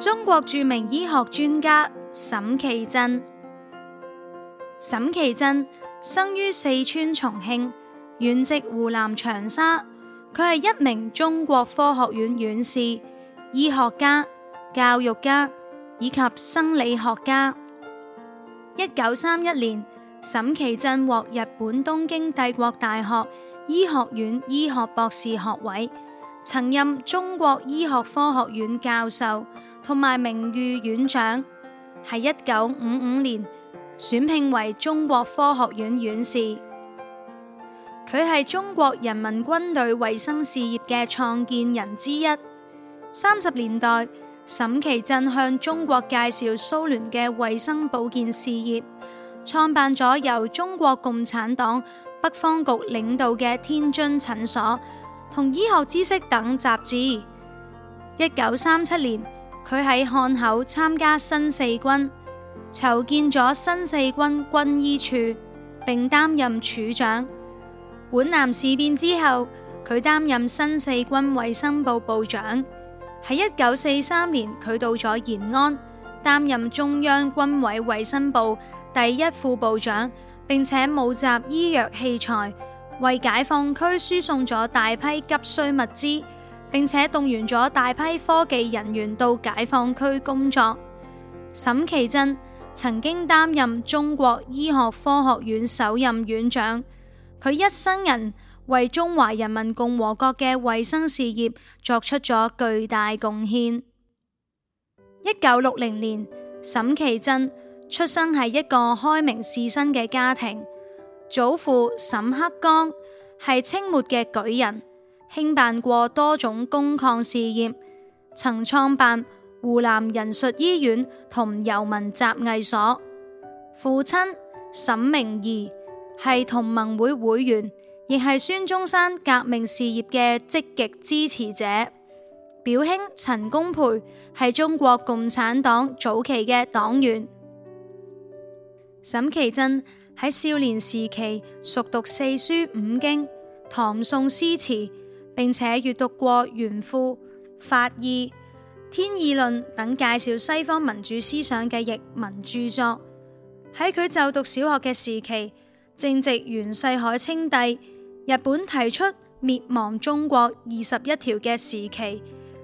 中國著名醫學專家沈其震。沈其震生於四川重慶，原籍湖南長沙。佢係一名中國科學院院士、醫學家、教育家以及生理學家。一九三一年，沈其震獲日本東京帝國大學醫學院醫學博士學位，曾任中國醫學科學院教授。同埋名譽院長，係一九五五年選聘為中國科學院院士。佢係中國人民軍隊衛生事業嘅創建人之一。三十年代，沈其震向中國介紹蘇聯嘅衛生保健事業，創辦咗由中國共產黨北方局領導嘅天津診所同醫學知識等雜誌。一九三七年。佢喺漢口參加新四軍，籌建咗新四軍軍醫處，並擔任處長。皖南事變之後，佢擔任新四軍衛生部部長。喺一九四三年，佢到咗延安，擔任中央軍委衛生部第一副部長，並且募集醫藥器材，為解放區輸送咗大批急需物資。並且動員咗大批科技人員到解放區工作。沈其震曾經擔任中國醫學科學院首任院長，佢一生人為中華人民共和國嘅衛生事業作出咗巨大貢獻。一九六零年，沈其震出生喺一個開明士紳嘅家庭，祖父沈克剛係清末嘅舉人。興辦過多種工礦事業，曾創辦湖南仁術醫院同遊民雜藝所。父親沈明儀係同盟會會員，亦係孫中山革命事業嘅積極支持者。表兄陳公培係中國共產黨早期嘅黨員。沈其震喺少年時期熟讀四書五經、唐宋詩詞。並且閱讀過《原富》《法意》《天意論》等介紹西方民主思想嘅譯文著作。喺佢就讀小學嘅時期，正值袁世凱稱帝、日本提出滅亡中國二十一條嘅時期。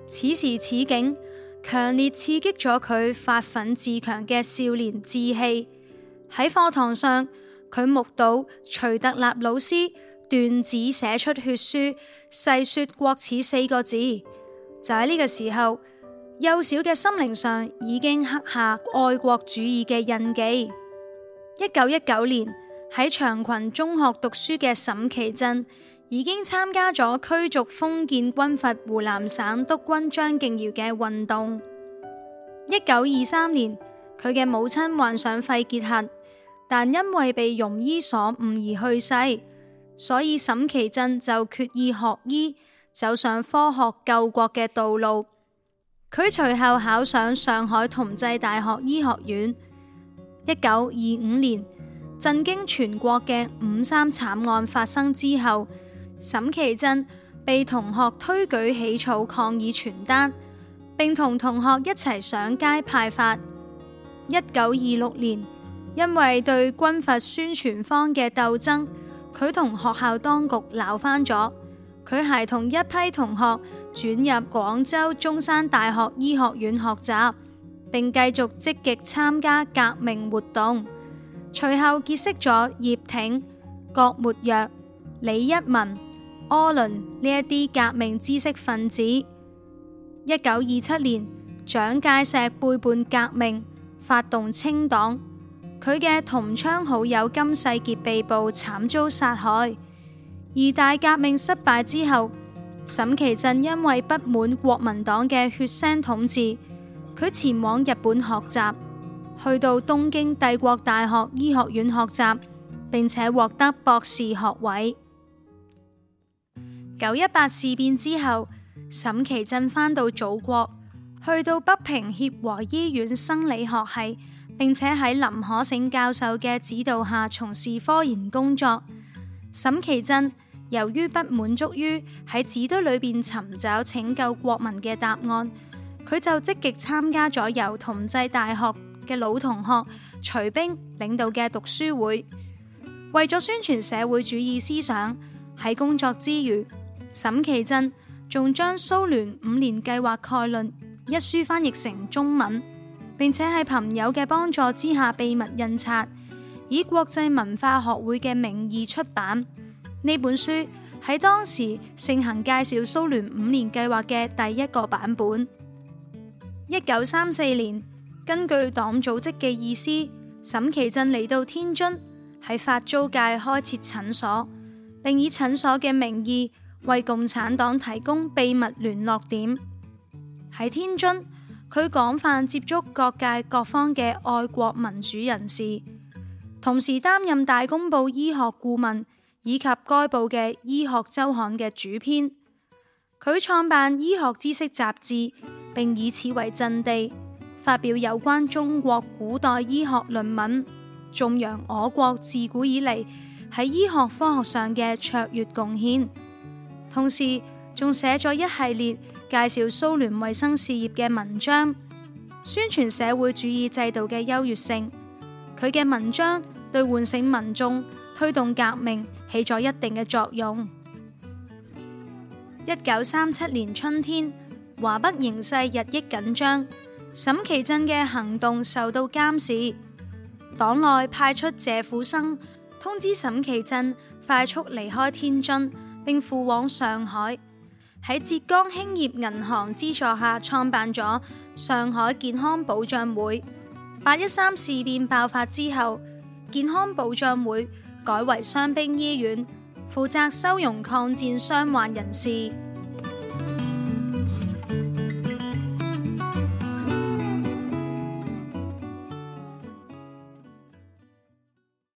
此時此景，強烈刺激咗佢發奮自強嘅少年志氣。喺課堂上，佢目睹徐特立老師。段子寫出血書，細說國恥四個字，就喺呢個時候，幼小嘅心靈上已經刻下愛國主義嘅印記。一九一九年喺長群中學讀書嘅沈其震，已經參加咗驅逐封建軍閥湖南省督軍張敬堯嘅運動。一九二三年，佢嘅母親患上肺結核，但因為被庸醫所誤而去世。所以沈其震就決意學醫，走上科學救國嘅道路。佢隨後考上上海同濟大學醫學院。一九二五年，震驚全國嘅五三慘案發生之後，沈其震被同學推舉起草抗議傳單，並同同學一齊上街派發。一九二六年，因為對軍閥宣傳方嘅鬥爭。佢同學校當局鬧翻咗，佢係同一批同學轉入廣州中山大學醫學院學習，並繼續積極參加革命活動。隨後結識咗葉挺、郭沫若、李一文、柯倫呢一啲革命知識分子。一九二七年，蔣介石背叛革命，發動清黨。佢嘅同窗好友金世杰被捕，慘遭殺害。而大革命失敗之後，沈其震因為不滿國民黨嘅血腥統治，佢前往日本學習，去到東京帝國大學醫學院學習，並且獲得博士學位。九一八事變之後，沈其震翻到祖國，去到北平協和醫院生理學系。並且喺林可勝教授嘅指導下從事科研工作。沈其震由於不滿足於喺紙堆裏邊尋找拯救國民嘅答案，佢就積極參加咗由同濟大學嘅老同學徐冰領導嘅讀書會。為咗宣傳社會主義思想，喺工作之餘，沈其震仲將蘇聯五年計劃概論一書翻譯成中文。並且喺朋友嘅幫助之下秘密印刷，以國際文化學會嘅名義出版。呢本書喺當時盛行介紹蘇聯五年計劃嘅第一個版本。一九三四年，根據黨組織嘅意思，沈其震嚟到天津，喺法租界開設診所，並以診所嘅名義為共產黨提供秘密聯絡點。喺天津，佢廣泛接觸各界各方嘅愛國民主人士，同時擔任《大公報》醫學顧問以及該報嘅醫學周刊嘅主編。佢創辦醫學知識雜誌，並以此為陣地發表有關中國古代醫學論文，頌揚我國自古以嚟喺醫學科學上嘅卓越貢獻，同時仲寫咗一系列。介紹蘇聯衛生事業嘅文章，宣傳社會主義制度嘅優越性。佢嘅文章對喚醒民眾、推動革命起咗一定嘅作用。一九三七年春天，華北形勢日益緊張，沈其震嘅行動受到監視，黨內派出謝富生通知沈其震快速離開天津，並赴往上海。喺浙江興業銀行資助下創辦咗上海健康保障會。八一三事變爆發之後，健康保障會改為傷兵醫院，負責收容抗戰傷患人士。